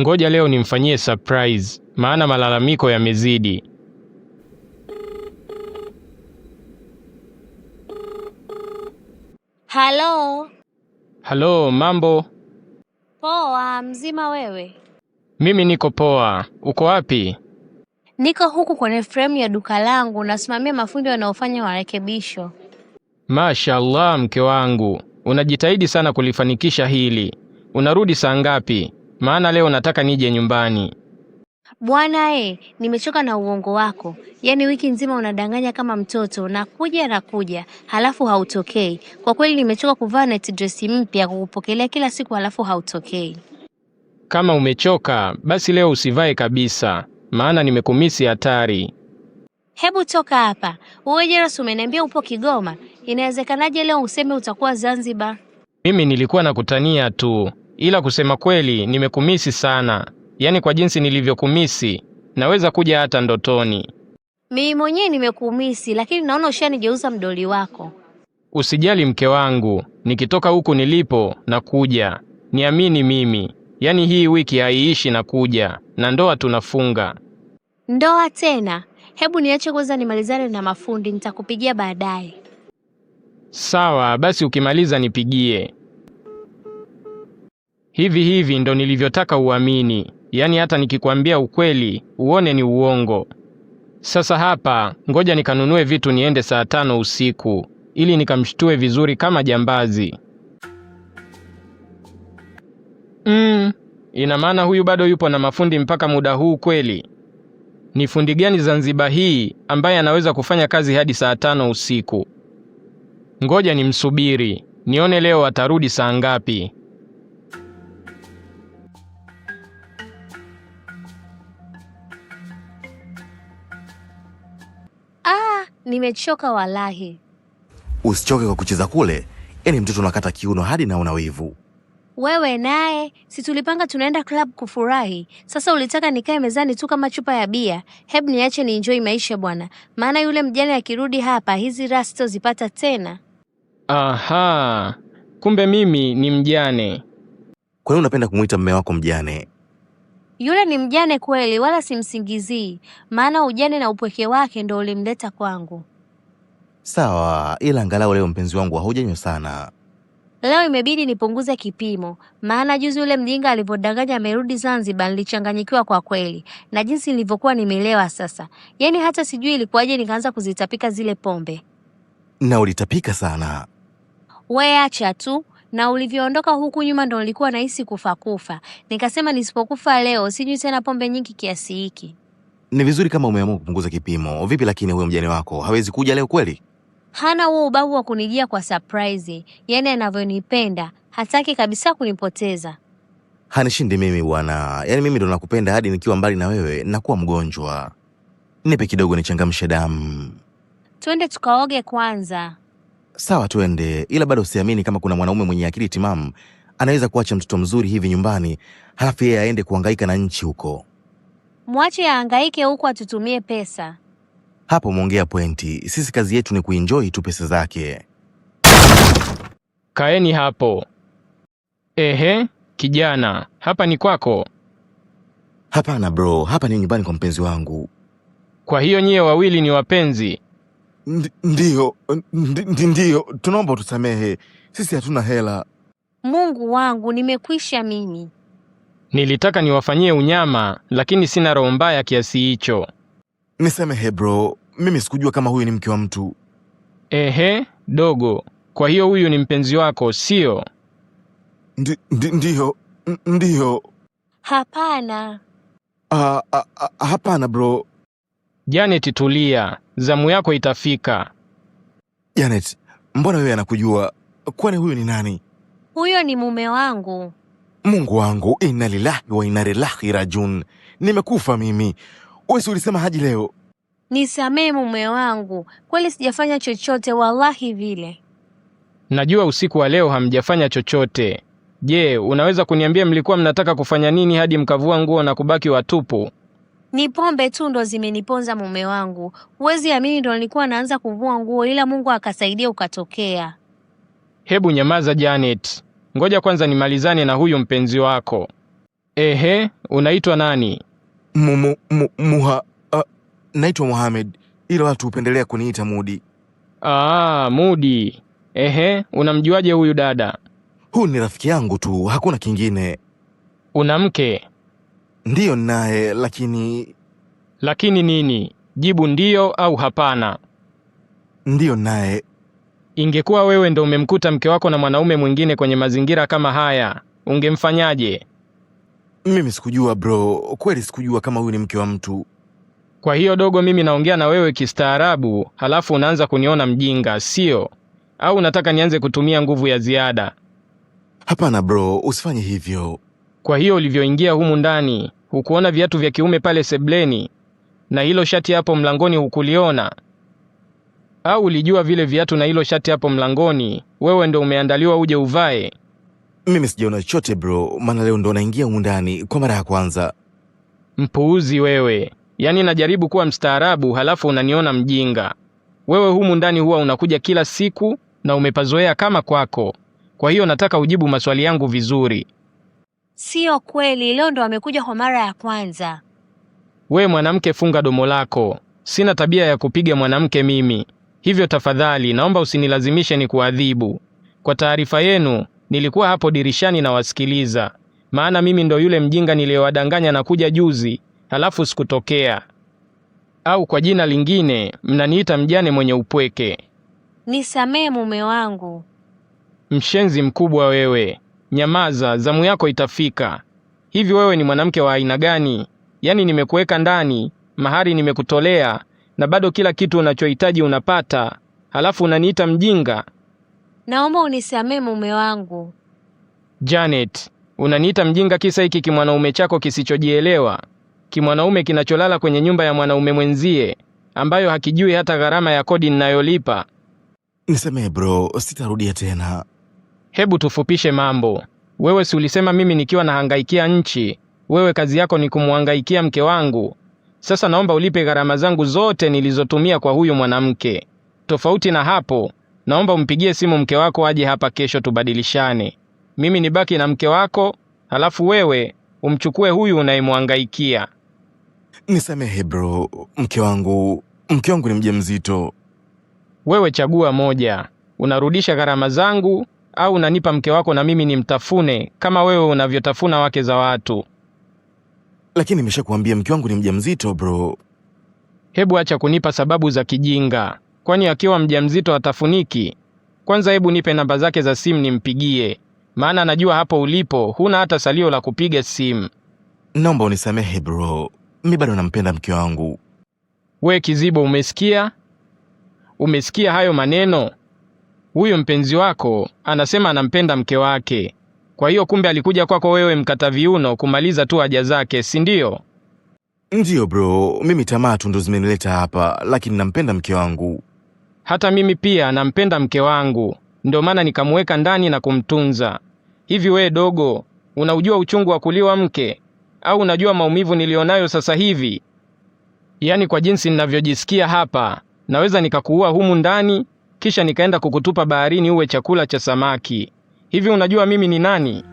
Ngoja leo nimfanyie surprise, maana malalamiko yamezidi. Halo. Halo, mambo? Poa, mzima wewe? Mimi niko poa. Uko wapi? Niko huku kwenye fremu ya duka langu, nasimamia mafundi wanaofanya marekebisho. Mashaallah, mke wangu, unajitahidi sana kulifanikisha hili. Unarudi saa ngapi? maana leo nataka nije nyumbani. Bwana e, nimechoka na uongo wako. Yaani wiki nzima unadanganya kama mtoto, nakuja nakuja, halafu hautokei. Kwa kweli nimechoka kuvaa net dress mpya kukupokelea kila siku, halafu hautokei. Kama umechoka basi leo usivae kabisa, maana nimekumisi hatari. Hebu toka hapa wewe Jerus, umeniambia upo Kigoma, inawezekanaje leo useme utakuwa Zanzibar? Mimi nilikuwa nakutania tu ila kusema kweli nimekumisi sana, yaani kwa jinsi nilivyokumisi naweza kuja hata ndotoni. Mimi mwenyewe nimekumisi, lakini naona ushanigeuza mdoli wako. Usijali mke wangu, nikitoka huku nilipo na kuja, niamini mimi. Yaani hii wiki haiishi na kuja na ndoa tunafunga. Ndoa tena? Hebu niache kwanza nimalizane na mafundi, nitakupigia baadaye. Sawa basi, ukimaliza nipigie hivi hivi ndo nilivyotaka uamini, yaani hata nikikwambia ukweli uone ni uongo. Sasa hapa ngoja nikanunue vitu niende saa tano usiku ili nikamshtue vizuri kama jambazi. Mm, ina maana huyu bado yupo na mafundi mpaka muda huu kweli? Ni fundi gani Zanzibar hii ambaye anaweza kufanya kazi hadi saa tano usiku? Ngoja nimsubiri nione leo atarudi saa ngapi. nimechoka walahi. Usichoke kwa kucheza kule, yaani mtoto unakata kiuno hadi naona wivu. Wewe naye, si tulipanga tunaenda club kufurahi? Sasa ulitaka nikae mezani tu kama chupa ya bia. Hebu niache ni enjoy maisha bwana, maana yule mjane akirudi hapa hizi raha sitozipata tena. Aha, kumbe mimi ni mjane. Kwa nini unapenda kumwita mme wako mjane? Yule ni mjane kweli, wala simsingizii, maana ujane na upweke wake ndo ulimleta kwangu. Sawa, ila angalau leo mpenzi wangu haujanywa sana. Leo imebidi nipunguze kipimo, maana juzi yule mjinga alivyodanganya amerudi Zanzibar nilichanganyikiwa kwa kweli, na jinsi nilivyokuwa nimelewa sasa, yaani hata sijui ilikuwaje nikaanza kuzitapika zile pombe. Na ulitapika sana. We acha tu, na ulivyoondoka huku nyuma ndo nilikuwa nahisi kufa kufa, nikasema nisipokufa leo sijui tena pombe nyingi kiasi hiki. Ni vizuri kama umeamua kupunguza kipimo. Vipi lakini huyo mjane wako hawezi kuja leo kweli? Hana huo ubavu wa kunijia kwa surprise, yaani anavyonipenda hataki kabisa kunipoteza. Hanishindi mimi bwana, yaani mimi ndo nakupenda hadi nikiwa mbali na wewe nakuwa mgonjwa. Nipe kidogo nichangamshe damu, twende tukaoge kwanza. Sawa, tuende ila bado siamini kama kuna mwanaume mwenye akili timamu anaweza kuacha mtoto mzuri hivi nyumbani, halafu yeye aende kuhangaika na nchi huko. Mwache ahangaike huko, atutumie pesa. Hapo mwongea pointi. Sisi kazi yetu ni kuinjoi tu pesa zake. Kaeni hapo. Ehe, kijana, hapa ni kwako. Hapana bro, hapa ni nyumbani kwa mpenzi wangu. Kwa hiyo nyie wawili ni wapenzi? Ndi- Ndiyo, ndiyo, tunaomba utusamehe, sisi hatuna hela. Mungu wangu, nimekwisha mimi. Nilitaka niwafanyie unyama, lakini sina roho mbaya kiasi hicho. Nisamehe bro, mimi sikujua kama huyu ni mke wa mtu. Ehe, dogo, kwa hiyo huyu ni mpenzi wako, sio? Ndi- Ndiyo, ndiyo. Hapana. Ah, ah, ah, Hapana bro, Janet, tulia zamu yako itafika. Janet, mbona wewe anakujua? Kwani huyo ni nani? Huyo ni mume wangu. Mungu wangu, inna lillahi wa inna ilaihi rajiun. Nimekufa mimi. Wewe ulisema haji leo. Nisamee mume wangu, kweli sijafanya chochote, wallahi vile. Najua usiku wa leo hamjafanya chochote. Je, unaweza kuniambia mlikuwa mnataka kufanya nini hadi mkavua nguo na kubaki watupu? Ni pombe tu ndo zimeniponza mume wangu. Huwezi amini, ndo nilikuwa naanza kuvua nguo, ila Mungu akasaidia ukatokea. Hebu nyamaza Janet, ngoja kwanza nimalizane na huyu mpenzi wako. Ehe, unaitwa nani? Mumu, mu, muha, uh, naitwa Mohamed ila watu hupendelea kuniita Mudi. Aa, ah, Mudi. Ehe, unamjuaje huyu dada? Huyu ni rafiki yangu tu, hakuna kingine. Una mke? Ndiyo naye, lakini... Lakini nini? Jibu ndiyo au hapana. Ndiyo naye. Ingekuwa wewe ndo umemkuta mke wako na mwanaume mwingine kwenye mazingira kama haya, ungemfanyaje? Mimi sikujua bro, kweli sikujua kama huyu ni mke wa mtu. Kwa hiyo dogo, mimi naongea na wewe kistaarabu, halafu unaanza kuniona mjinga, sio? Au unataka nianze kutumia nguvu ya ziada? Hapana bro, usifanye hivyo. Kwa hiyo ulivyoingia humu ndani hukuona viatu vya kiume pale sebleni, na hilo shati hapo mlangoni hukuliona? Au ulijua vile viatu na hilo shati hapo mlangoni, wewe ndo umeandaliwa uje uvae? Mimi sijaona chochote bro, maana leo ndo naingia humu ndani kwa mara ya kwanza. Mpuuzi wewe! Yaani najaribu kuwa mstaarabu, halafu unaniona mjinga. Wewe humu ndani huwa unakuja kila siku na umepazoea kama kwako. Kwa hiyo nataka ujibu maswali yangu vizuri. Siyo kweli, leo ndo amekuja kwa mara ya kwanza. We mwanamke, funga domo lako. Sina tabia ya kupiga mwanamke mimi, hivyo tafadhali naomba usinilazimishe ni kuadhibu. Kwa taarifa yenu, nilikuwa hapo dirishani nawasikiliza, maana mimi ndo yule mjinga niliyowadanganya na kuja juzi, halafu sikutokea. Au kwa jina lingine mnaniita mjane mwenye upweke. Nisamehe mume wangu. Mshenzi mkubwa wewe. Nyamaza, zamu yako itafika. Hivi wewe ni mwanamke wa aina gani? Yaani nimekuweka ndani, mahari nimekutolea, na bado kila kitu unachohitaji unapata, halafu unaniita mjinga? Naomba unisamee mume wangu. Janet, unaniita mjinga kisa hiki kimwanaume chako kisichojielewa, kimwanaume kinacholala kwenye nyumba ya mwanaume mwenzie ambayo hakijui hata gharama ya kodi ninayolipa. Nisamee bro, sitarudia tena. Hebu tufupishe mambo. Wewe si ulisema mimi nikiwa nahangaikia nchi, wewe kazi yako ni kumwangaikia mke wangu? Sasa naomba ulipe gharama zangu zote nilizotumia kwa huyu mwanamke. Tofauti na hapo, naomba umpigie simu mke wako aje hapa kesho, tubadilishane, mimi nibaki na mke wako, halafu wewe umchukue huyu unayemhangaikia. Nisamehe bro, mke wangu, mke wangu ni mjamzito. Wewe chagua moja, unarudisha gharama zangu au unanipa mke wako na mimi nimtafune kama wewe unavyotafuna wake za watu? Lakini nimeshakuambia mke wangu ni mjamzito bro. Hebu acha kunipa sababu za kijinga, kwani akiwa mjamzito atafuniki? Kwanza hebu nipe namba zake za simu nimpigie, maana najua hapo ulipo huna hata salio la kupiga simu. Naomba unisamehe bro, mi bado nampenda mke wangu. We kizibo, umesikia? Umesikia hayo maneno? huyu mpenzi wako anasema anampenda mke wake, kwa hiyo kumbe alikuja kwako wewe mkata viuno kumaliza tu haja zake, si ndio? Ndiyo bro, mimi tamaa tu ndo zimenileta hapa, lakini nampenda mke wangu. Hata mimi pia nampenda mke wangu, ndio maana nikamuweka ndani na kumtunza. Hivi we dogo, unaujua uchungu wa kuliwa mke? Au unajua maumivu nilionayo sasa hivi? Yaani, kwa jinsi ninavyojisikia hapa, naweza nikakuua humu ndani kisha nikaenda kukutupa baharini uwe chakula cha samaki. Hivi unajua mimi ni nani?